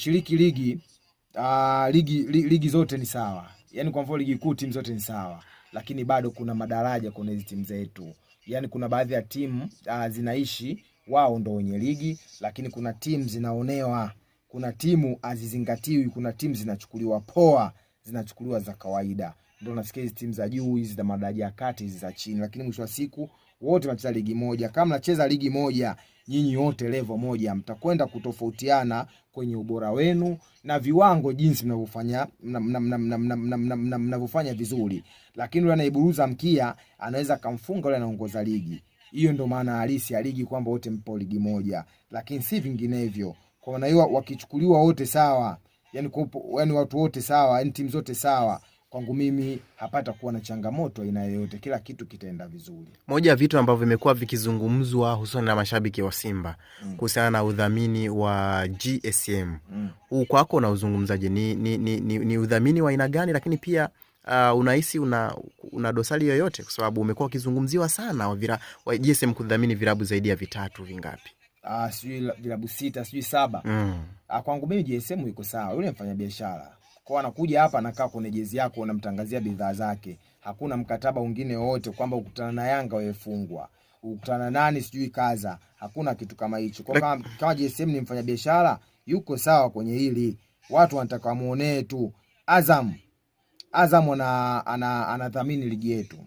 shiriki ligi uh, ligi, li, ligi zote ni sawa, yani, kwa mfano ligi kuu timu zote ni sawa, lakini bado kuna madaraja kwenye hizi timu zetu, yani, kuna baadhi ya timu uh, zinaishi wao ndo wenye ligi, lakini kuna timu zinaonewa, kuna timu hazizingatiwi, kuna timu zinachukuliwa poa, zinachukuliwa za kawaida. Ndio nasikia hizi timu za juu hizi za madaraja ya kati hizi za chini, lakini mwisho wa siku wote wanacheza ligi moja. Kama nacheza ligi moja nyinyi wote levo moja, mtakwenda kutofautiana kwenye ubora wenu na viwango jinsi mnavyofanya mnavyofanya vizuri, lakini yule anaiburuza mkia anaweza akamfunga yule anaongoza ligi. Hiyo ndio maana halisi ya ligi, kwamba wote mpo ligi moja, lakini si vinginevyo. Kwa maana hiyo wakichukuliwa wote sawa, yani, yani watu wote sawa, yani timu zote sawa kwangu mimi hapata kuwa na changamoto aina yoyote, kila kitu kitaenda vizuri. Moja ya vitu ambavyo vimekuwa vikizungumzwa hususan na mashabiki wa Simba mm. kuhusiana na udhamini wa GSM mm. huu mm. kwako unauzungumzaje? Ni, ni, ni, ni, ni udhamini wa aina gani? Lakini pia uh, unahisi una, una dosari yoyote, kwa sababu umekuwa ukizungumziwa sana wa vira, wa GSM kudhamini virabu zaidi ya vitatu vingapi? Uh, sijui vilabu sita sijui saba mm. uh, kwangu mimi GSM iko sawa, yule mfanyabiashara kwa anakuja hapa anakaa kwenye jezi yako unamtangazia bidhaa zake. Hakuna mkataba mwingine wowote kwamba ukutana na Yanga wefungwa Ukutana nani sijui kaza. Hakuna kitu kama hicho. Kwa kama, kama JSM ni mfanyabiashara yuko sawa kwenye hili. Watu wanataka muonee tu. Azam Azam ana anathamini ana ligi yetu.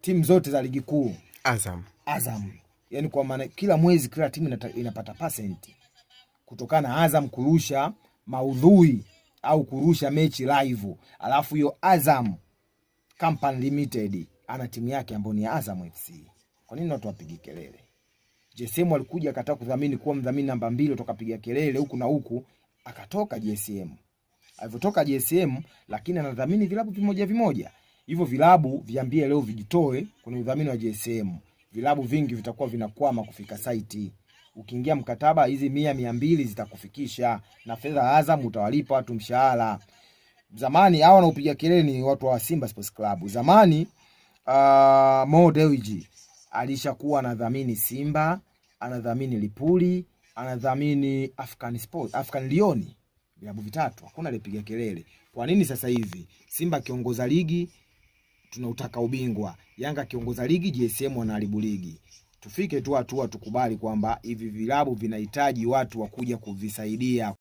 Timu zote za ligi kuu Azam. Azam. Yani kwa maana kila mwezi kila timu inapata pasenti kutokana na Azam kurusha maudhui au kurusha mechi live, alafu hiyo Azam Company Limited ana timu yake ambayo ni Azam FC. Kwa nini watu wapige kelele? JSM alikuja akataka kudhamini kuwa mdhamini namba mbili, toka piga kelele huku na huku, akatoka JSM. Alivyotoka JSM, lakini anadhamini vilabu vimoja vimoja. Hivyo vilabu viambie leo vijitoe kwenye udhamini wa JSM. Vilabu vingi vitakuwa vinakwama kufika saiti. Ukiingia mkataba hizi mia mia mbili zitakufikisha, na fedha Azam utawalipa watu mshahara. Zamani hawa wanaopiga kelele ni watu wa Simba Sports Club. Zamani uh, Mo Dewji alishakuwa anadhamini Simba, anadhamini Lipuli, anadhamini African Sport, African Lion, vilabu vitatu, hakuna alipiga kelele. Kwa nini sasa hivi Simba akiongoza ligi tunautaka ubingwa, Yanga akiongoza ligi JSM anaharibu ligi tufike tu hatua tukubali kwamba hivi vilabu vinahitaji watu wakuja kuvisaidia